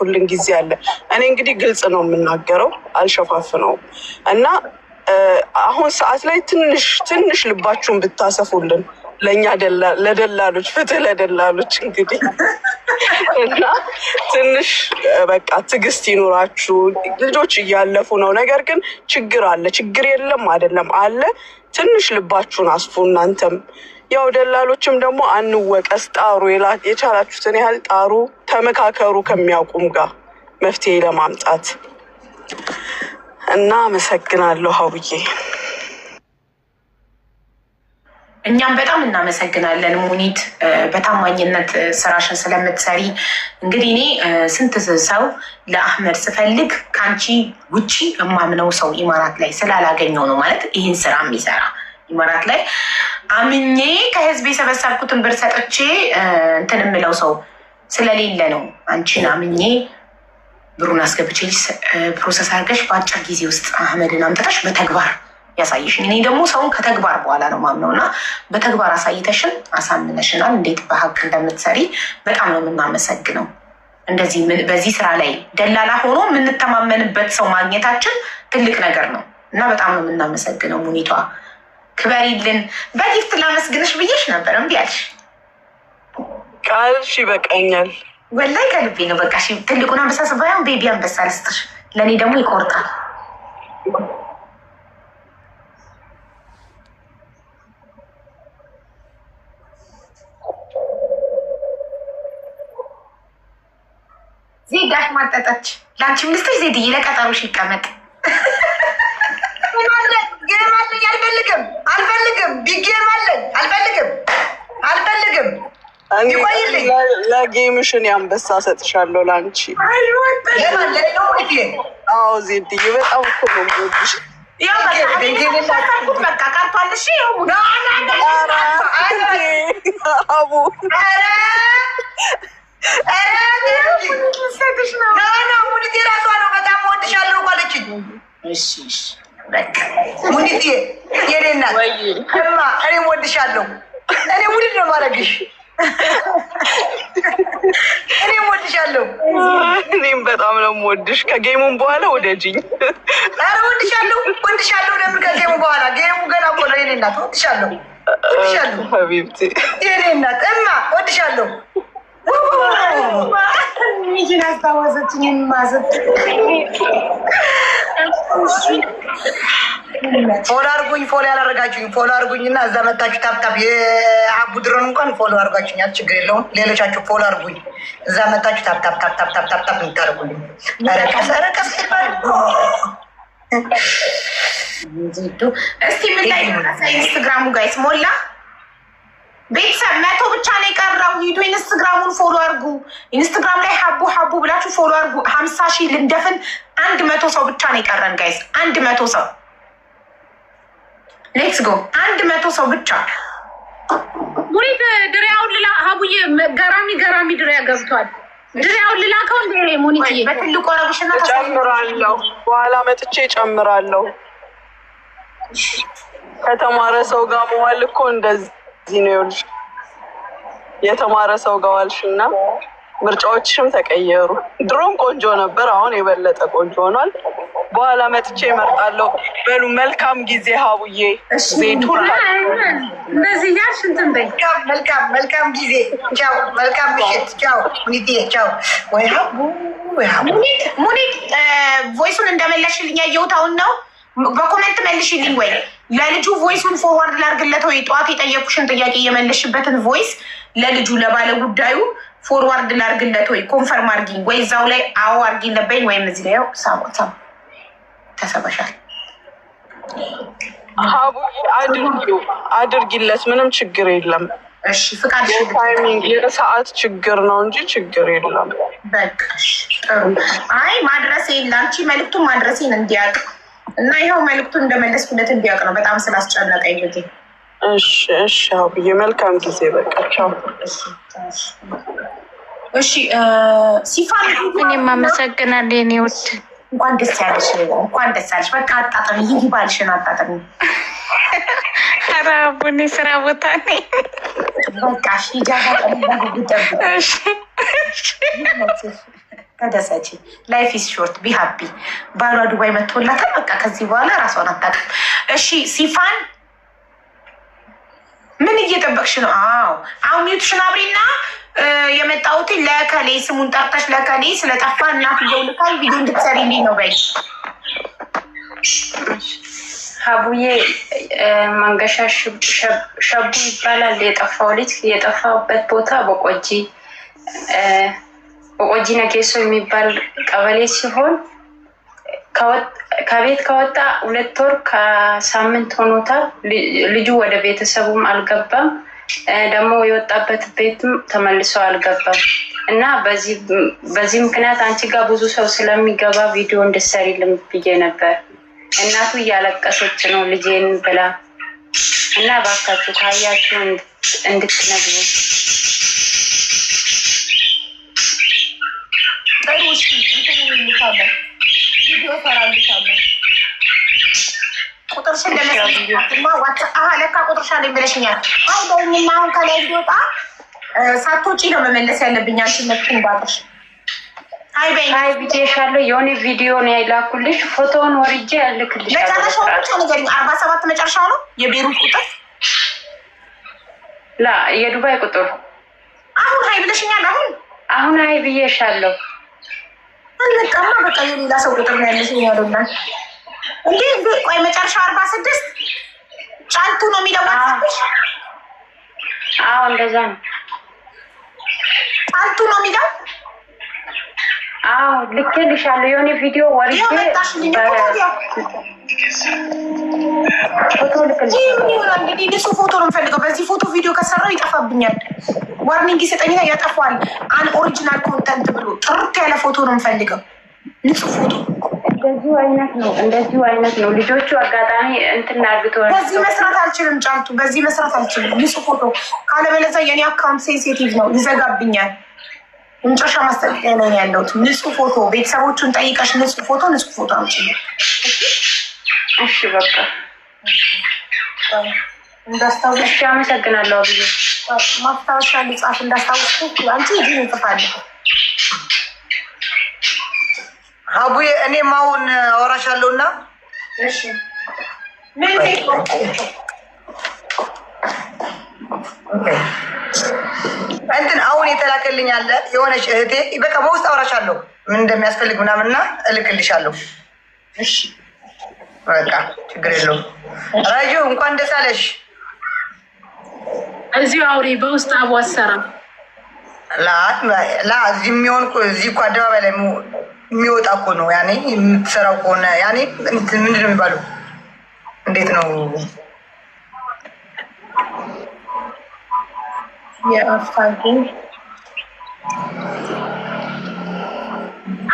ሁሉን ጊዜ አለ። እኔ እንግዲህ ግልጽ ነው የምናገረው፣ አልሸፋፍነውም እና አሁን ሰዓት ላይ ትንሽ ትንሽ ልባችሁን ብታሰፉልን ለእኛ ለደላሎች ፍትህ ለደላሎች እንግዲህ እና ትንሽ በቃ ትዕግስት ይኑራችሁ። ልጆች እያለፉ ነው። ነገር ግን ችግር አለ። ችግር የለም አይደለም፣ አለ። ትንሽ ልባችሁን አስፉ እናንተም ያው ደላሎችም ደግሞ አንወቀስ ጣሩ፣ የቻላችሁትን ያህል ጣሩ፣ ተመካከሩ ከሚያውቁም ጋር መፍትሄ ለማምጣት እና አመሰግናለሁ ሀውዬ። እኛም በጣም እናመሰግናለን ሙኒት፣ በታማኝነት ስራሽን ስለምትሰሪ። እንግዲህ እኔ ስንት ሰው ለአህመድ ስፈልግ ከአንቺ ውጪ የማምነው ሰው ኢማራት ላይ ስላላገኘው ነው ማለት ይህን ስራ የሚሰራ ኢማራት ላይ አምኜ ከህዝብ የሰበሰብኩትን ብር ሰጥቼ እንትን የምለው ሰው ስለሌለ ነው። አንቺን አምኜ ብሩን አስገብቼ ፕሮሰስ አድርገሽ በአጭር ጊዜ ውስጥ አህመድን አምጥተሽ በተግባር ያሳይሽ። እኔ ደግሞ ሰውን ከተግባር በኋላ ነው ማምነው እና በተግባር አሳይተሽን አሳምነሽናል። እንዴት በሀቅ እንደምትሰሪ በጣም ነው የምናመሰግነው። እንደዚህ በዚህ ስራ ላይ ደላላ ሆኖ የምንተማመንበት ሰው ማግኘታችን ትልቅ ነገር ነው እና በጣም ነው የምናመሰግነው ሙኒቷ። ክበሪልን በጊፍት ላመስግንሽ ብዬሽ ነበር፣ እምቢ አልሽ። ቃልሽ ይበቃኛል። ወላይ ከልቤ ነው። በቃ ትልቁን አንበሳ ስባያን ቤቢ አንበሳ ልስጥሽ፣ ለእኔ ደግሞ ይቆርጣል። ዜጋሽ ማጠጠች ለአንቺ ምንስትሽ ዜድዬ ለቀጠሮሽ ይቀመጥ አልፈልግም አልፈልግም ቢጌም አለኝ አልፈልግም አልፈልግም ለጌምሽን ያንበሳ ሰጥሻለሁ ለአንቺ። ዜድዬ በጣም እኮ ነው የምወድሽ። አቡ ራሷ ነው በጣም ወድሻለሁ ሙኒት የኔ እናት እማ እኔም ወድሻለሁ። እኔ ውድድ ነው ማድረግሽ። እኔም ወድሻለሁ። እኔም በጣም ነው ወድሽ። ከጌሙም በኋላ ወደጅኝ። ኧረ ወድሻለሁ፣ ወድሻለሁ። ለምን ከጌሙ በኋላ ጌሙ ገና እኮ ነው። የኔ እናት ወድሻለሁ፣ ወድሻለሁ። የኔ እናት እማ ወድሻለሁ። ሚኪን አስታወሰችኝ ማዘት ፎሎ አርጉኝ። ፎሎ ያላረጋችሁኝ ፎሎ አርጉኝ እና እዛ መታችሁ ታፕታፕ የአቡ እንኳን ፎሎ አድርጋችሁኛል፣ ችግር የለውም። ሌሎቻችሁ ፎሎ አርጉኝ። እዛ መታችሁ ታፕታፕታፕታፕታፕታፕ የምታደርጉልኝ ረቀስ ረቀስ እስቲ ምን ላይ ኢንስታግራሙ ጋይስ ሞላ ቤተሰብ መቶ ብቻ ነው የቀረው። ሂዱ ኢንስትግራሙን ፎሎ አርጉ። ኢንስትግራም ላይ ሀቡ ሀቡ ብላችሁ ፎሎ አርጉ። ሀምሳ ሺህ ልንደፍን አንድ መቶ ሰው ብቻ ነው የቀረን ጋይዝ፣ አንድ መቶ ሰው ሌትስ ጎ። አንድ መቶ ሰው ብቻ ሙኒት ድሪያውን ልላ ሀቡዬ፣ ገራሚ ገራሚ ድሪያ ገብቷል። ድሪያውን ልላከው እንደ ሙኒትዬ በትልቁ ረብሽና ጨምራለሁ። በኋላ መጥቼ ጨምራለሁ። ከተማረ ሰው ጋር መዋል እኮ እንደዚህ እዚህ ነው ይኸውልሽ፣ የተማረ ሰው ጋር ዋልሽና ምርጫዎችም ተቀየሩ። ድሮም ቆንጆ ነበር፣ አሁን የበለጠ ቆንጆ ሆኗል። በኋላ መጥቼ እመርጣለሁ። በሉ መልካም ጊዜ ሀቡዬ። ቤቱ እንደዚህ እያልሽ እንትን በይ። መልካም መልካም ጊዜ ቻው፣ መልካም ምሽት ቻው፣ ሙኒት ቻው። ወይ ሀቡ ሙኒት ሙኒት ቮይሱን እንደመለሽልኝ ያየሁት አሁን ነው። በኮመንት መልሽልኝ ወይ ለልጁ ቮይሱን ፎርዋርድ ላርግለት ወይ? ጠዋት የጠየቁሽን ጥያቄ የመለሽበትን ቮይስ ለልጁ ለባለ ጉዳዩ ፎርዋርድ ላርግለት ወይ? ኮንፈርም አድርጊኝ ወይ እዛው ላይ አዎ አድርጊለት በይኝ፣ ወይም እዚህ ላይ ሳቦታ ሳሞታ ተሰበሻል። አድርጊለት፣ ምንም ችግር የለም። እሺ የሰዓት ችግር ነው እንጂ ችግር የለም። በቃ ጥሩ። አይ ማድረሴ ላንቺ መልዕክቱን ማድረሴን እንዲያውቅ እና ይኸው መልዕክቱን እንደመለስኩለት እንዲያውቅ ነው። በጣም ስላስጨነቀኝ ጊዜ እሺ፣ እሺ ብዬ መልካም ጊዜ በቃቸው። እሺ ሲፋ፣ እኔም አመሰግናለሁ የኔ ውድ። እንኳን ደስ ያለሽ፣ እንኳን ደስ ያለሽ። በቃ አጣጥሚ፣ ይህ ባልሽን አጣጥሚ። ራቡን ስራ ቦታ ነ በቃ ሂጃ ጠ ተደሰች። ላይፍ ኢዝ ሾርት ቢ ሀፒ። ባሏ ዱባይ መጥቶላታል። በቃ ከዚህ በኋላ ራሷን አታውቅም። እሺ ሲፋን ምን እየጠበቅሽ ነው? አዎ አሁን ሚውትሽን አብሪና የመጣሁት ለከሌ ስሙን ጠርተሽ ለከሌ ስለጠፋ እናትዬው ልካል ቪዲዮ እንድትሰሪልኝ ነው በይ። ሀቡዬ መንገሻ ሸቡ ይባላል የጠፋው ልጅ የጠፋበት ቦታ በቆጂ ኦጂ ኬሶ የሚባል ቀበሌ ሲሆን ከቤት ከወጣ ሁለት ወር ከሳምንት ሆኖታል። ልጁ ወደ ቤተሰቡም አልገባም፣ ደግሞ የወጣበት ቤትም ተመልሶ አልገባም እና በዚህ ምክንያት አንቺ ጋር ብዙ ሰው ስለሚገባ ቪዲዮ እንድትሰሪልኝ ብዬ ነበር። እናቱ እያለቀሰች ነው ልጄን ብላ እና እባካችሁ ካያችሁ እንድትነግሩ ለካ ቁጥርሻን ብለሽኛል። አይ በይኝና አሁን ከላይ እንዲወጣ ሳትወጪ ነው መመለስ ያለብኝ። አንቺ መጥቶ እንዳጥርሽ አይ ብዬሻለሁ። የሆነ ቪዲዮ ነው ያላኩልሽ፣ ፎቶውን ወርጄ ያልክልሽ። መጨረሻው ብቻ ንገሪኝ። አርባ ሰባት መጨረሻው ነው የቤሩት ቁጥር ላ የዱባይ ቁጥር አሁን ሀይ ብለሽኛል። አሁን አሁን ሀይ ብዬሻለሁ። አለቃማ በቃ የሌላ ሰው ቁጥር ነው ያለሽ ያሉናል እንዴ ቆይ መጨረሻው አርባ ስድስት ጫልቱ ነው የሚለው አዎ እንደዛ ነው። ጫልቱ ነው የሚለው አዎ ልኬልሻለሁ። የሆነ ቪዲዮ ወርጄ ፎቶ ፎቶ ነው የምፈልገው። በዚህ ፎቶ ቪዲዮ ከሰራው ይጠፋብኛል። ዋርኒንግ ይሰጠኝና ያጠፋዋል። አን ኦሪጂናል ኮንተንት ብሎ ጥርት ያለ ፎቶ ነው የምፈልገው፣ ንጹህ ፎቶ እንደዚሁ አይነት ነው እንደዚሁ አይነት ነው። ልጆቹ አጋጣሚ እንትን አድርገዋል። በዚህ መስራት አልችልም ጫንቱ በዚህ መስራት አልችልም። ንሱ ፎቶ ካለበለዚያ የኔ አካውንት ሴንሴቲቭ ነው፣ ይዘጋብኛል። እንጨሻ ማስጠንቀቂያ ነው ያለሁት ንጹ ፎቶ፣ ቤተሰቦቹን ጠይቀሽ ንጹ ፎቶ፣ ንጹ ፎቶ አልችልም። እሺ በቃ እንዳስታወሽ አመሰግናለሁ። ብዙ ማስታወሻ ሊጻፍ እንዳስታወሽ አንቺ ይህ እንጽፋለሁ ሀቡዬ እኔም አሁን አወራሻለሁ እና እንትን አሁን የተላከልኝ አለ የሆነች እህቴ በቃ በውስጥ አወራሻለሁ ምን እንደሚያስፈልግ ምናምን እና እልክልሻለሁ። በቃ ችግር የለውም። ራጁ እንኳን ደስ አለሽ። እዚሁ አውሪ በውስጥ አቧሰራ ላ እዚህ የሚሆን እዚህ እኮ አደባባይ ላይ የሚወጣ እኮ ነው። ያኔ የምትሰራው ከሆነ ያኔ ምንድን ነው የሚባለው? እንዴት ነው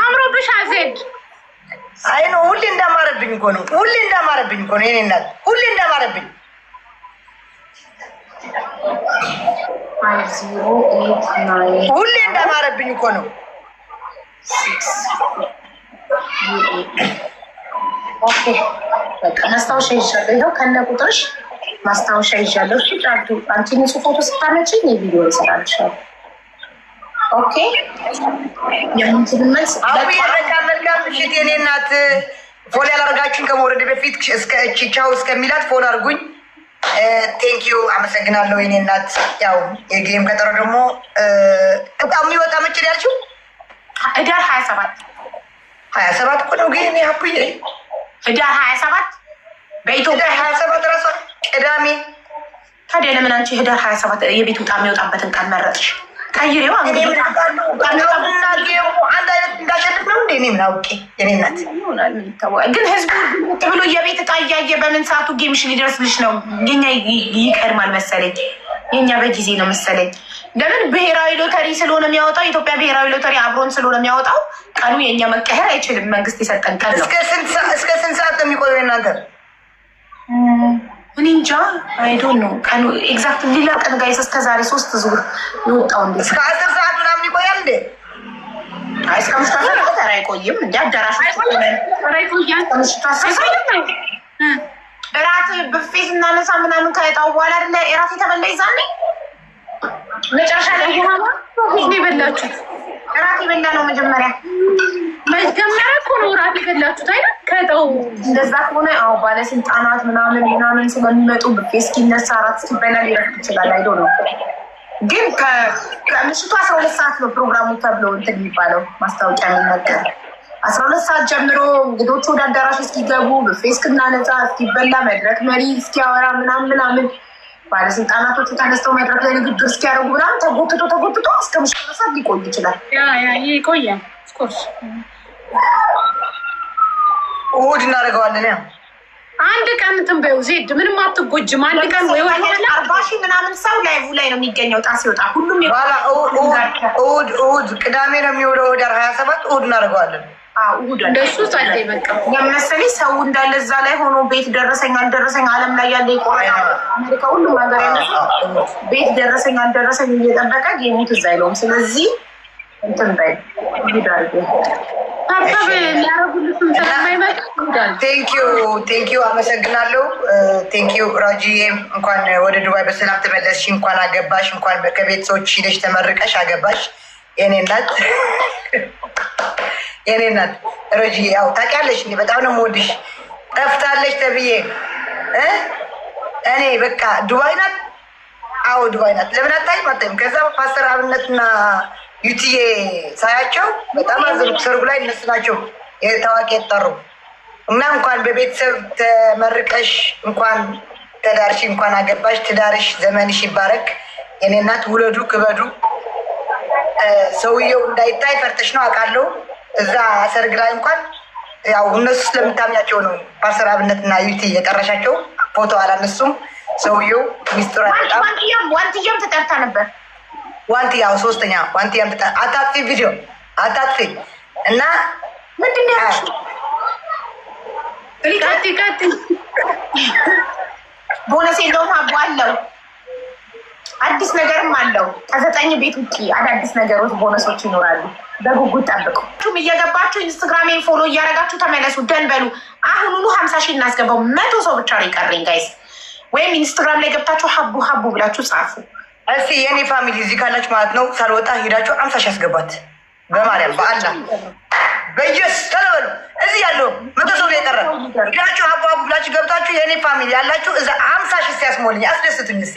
አምሮብሻል ዜድ? አይ ነው ሁሌ እንዳማረብኝ እኮ ነው። ሁሌ እንዳማረብኝ እኮ ነው። የእኔ እናት ሁሌ እንዳማረብኝ ሁሌ እንዳማረብኝ እኮ ነው። በቃ ማስታወሻ ይዣለሁ። ይኸው ከነ ቁጥርሽ ማስታወሻ ይዣለሁ። እሺ ጫልቱ፣ አንቺ ንጹ ፎቶ ስታመጪ እኔ ቪዲዮ ይሰራልሻል። ኦኬ የምንትልመስ መልካም መልካም ምሽት የኔ እናት። ፎሎ ያላደርጋችሁን ከመውረድ በፊት እስከ ቻው እስከሚላት ፎሎ አድርጉኝ። ቴንክ ዩ አመሰግናለሁ የኔ እናት። ያው የጌም ቀጠሮ ደግሞ በጣም የሚወጣ መችል ያልችው እዳር ሀያ ሰባት ሀያ ሰባት እኮ ነው ግን ያኩኝ እዳር ሀያ ሰባት በኢትዮጵያ ሀያ ሰባት ራሷ ቅዳሜ። ታዲያ ለምን አንቺ ህዳር ሀያ ሰባት የቤት ውጣ የሚወጣበትን ቀን መረጥሽ? ቀይሬው አንድ አይነት እንዳሸንፍ ነው እንደ እኔም ናውቄ የኔናት ግን ህዝቡ ብሎ የቤት እቃ እያየ በምን ሰዓቱ ጌምሽ ሊደርስልሽ ነው? የኛ ይቀድማል መሰለኝ፣ የኛ በጊዜ ነው መሰለኝ። ለምን ብሔራዊ ሎተሪ ስለሆነ የሚያወጣው የኢትዮጵያ ብሔራዊ ሎተሪ አብሮን ስለሆነ የሚያወጣው ቀኑ የእኛ መቀሄር አይችልም። መንግስት የሰጠን ቀን ነው። እስከ ስንት ሰዓት ነው የሚቆዩ እናንተ? እኔ እንጃ አይዶ ነው ቀኑ ኤግዛክት ሌላ ቀን ጋይስ፣ እስከ ዛሬ ሶስት ዙር የወጣው እንዴ እስከ አስር ሰዓት ምናምን ይቆያል እንዴ? እስከ ምሽቱ ሎተሪ አይቆይም እንዲ አዳራሽ እራት ብፌ ስናነሳ ምናምን ከጣው በኋላ ራት የተበላ ይዛኔ መጨረሻ ላይ ሆና የበላችሁት እራት የበላ ነው። መጀመሪያ መጀመሪያ እኮ ነው እራት የበላችሁት አይደል? ከተው እንደዛ ከሆነ አዎ፣ ባለስልጣናት ምናምን ምናምን ስለሚመጡ እስኪነሳ እራት እስኪበላ ሊረፍት ይችላል። አይዶ ነው ግን ከምሽቱ አስራ ሁለት ሰዓት ነው ፕሮግራሙ ተብሎ እንትን የሚባለው ማስታወቂያ የሚነገር አስራ ሁለት ሰዓት ጀምሮ እንግዶቹ ወደ አዳራሽ እስኪገቡ ብፌ እስክናነጻ እስኪበላ መድረክ መሪ እስኪያወራ ምናምን ምናምን ባለስልጣናቶቹ ተነስተው መድረክ ላይ ንግግር እስኪያደርጉ ምናምን ተጎትቶ ተጎትቶ እስከ ምሽት መሳት ሊቆይ ይችላል። ይቆያል። እሑድ እናደርገዋለን። ያ አንድ ቀን እንትን በይው ዜድ፣ ምንም አትጎጅም። አንድ ቀን ወይ አርባ ሺህ ምናምን ሰው ላይቭ ላይ ነው የሚገኘው። ጣ ሲወጣ ሁሉም እሑድ እሑድ ቅዳሜ ነው የሚውለው። ዳር ሀያ ሰባት እሑድ እናደርገዋለን። እንደሱ ጸደ በቃ ለምሳሌ ሰው እንዳለ እዛ ላይ ሆኖ ቤት ደረሰኝ አልደረሰኝ ዓለም ላይ ያለ ይቆረጣ አሜሪካ ሁሉም ነገር ያለ ቤት ደረሰኝ አልደረሰኝ እየጠበቀ ጌሚት እዛ አይለውም። ስለዚህ እንትን በይ ሂዳርጌ ቴንኪዩ ቴንኪዩ፣ አመሰግናለሁ። ቴንኪዩ ራጂዬ፣ እንኳን ወደ ዱባይ በሰላም ተመለስሽ፣ እንኳን አገባሽ፣ እንኳን ከቤተሰቦች ሂደሽ ተመርቀሽ አገባሽ የኔ እናት የኔ ናት ረጂ ያው ታውቂያለሽ፣ እኔ በጣም ነው የምወድሽ። ጠፍታለች ተብዬ እኔ በቃ ዱባይ ናት። አዎ ዱባይ ናት። ለምን አታይም? አታይም። ከዛ ፓስተር አብነትና ዩቲዬ ሳያቸው በጣም አዘንኩ። ሰርጉ ላይ እነሱ ናቸው ታዋቂ የጠሩ እና እንኳን በቤተሰብ ተመርቀሽ እንኳን ተዳርሽ እንኳን አገባሽ ትዳርሽ ዘመንሽ ይባረክ። የኔ እናት ውለዱ፣ ክበዱ። ሰውየው እንዳይታይ ፈርተሽ ነው አውቃለሁ። እዛ ሰርግ ላይ እንኳን ያው እነሱ ስለምታምኛቸው ነው ፓስተር አብነት እና ዩቲ የጠረሻቸው ፎቶ አላነሱም። ሰውየው ሚስጥሩ በጣም ዋንትያም ተጠርታ ነበር። ዋንትያ ሶስተኛ ዋንትያም ተጠ አታጥፊ ቪዲዮ አታጥፊ እና ምንድን ነው ሊቀጥል ቀጥል ቦነስ የለውም አቧለው አዲስ ነገርም አለው። ከዘጠኝ ቤት ውጭ አዳዲስ ነገሮች ቦነሶች ይኖራሉ። በጉጉት ጠብቁ። እየገባችሁ ኢንስትግራሜን ፎሎ እያደረጋችሁ ተመለሱ። ደን በሉ። አሁኑኑ ሀምሳ ሺህ እናስገባው። መቶ ሰው ብቻ ነው የቀረኝ ጋይስ። ወይም ኢንስትግራም ላይ ገብታችሁ ሀቡ ሀቡ ብላችሁ ጻፉ። እስቲ የእኔ ፋሚሊ እዚህ ካላች ማለት ነው ሳልወጣ ሄዳችሁ አምሳ ሺህ ያስገባት በማርያም በአላ በየስ ተለበሉ። እዚህ ያለው መቶ ሰው የቀረ ሄዳችሁ ሀቡ ሀቡ ብላችሁ ገብታችሁ የእኔ ፋሚሊ ያላችሁ እዛ አምሳ ሺህ ሲያስሞልኝ አስደስቱኝ እስኪ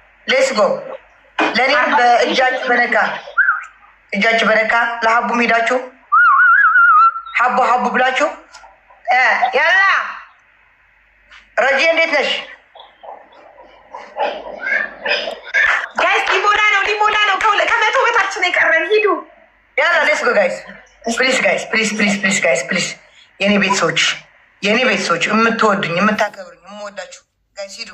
ሌስ ጎ ለእኔም በእጃችሁ በነካ እጃችሁ በነካ ለሀቡም ሄዳችሁ ሀቡ ሀቡ ብላችሁ ያላ ረጂ እንዴት ነሽ? ጋይስ ሊሞላ ነው ሊሞላ ነው። ከመቶ በታች ነው የቀረን። ሂዱ ያላ ሌስ ጎ ጋይስ ፕሊስ ጋይስ ፕሊስ ፕሊስ ፕሊስ ጋይስ ፕሊስ የእኔ ቤተሰዎች የእኔ ቤተሰዎች የምትወዱኝ የምታከብሩኝ የምወዳችሁ ጋይስ ሂዱ።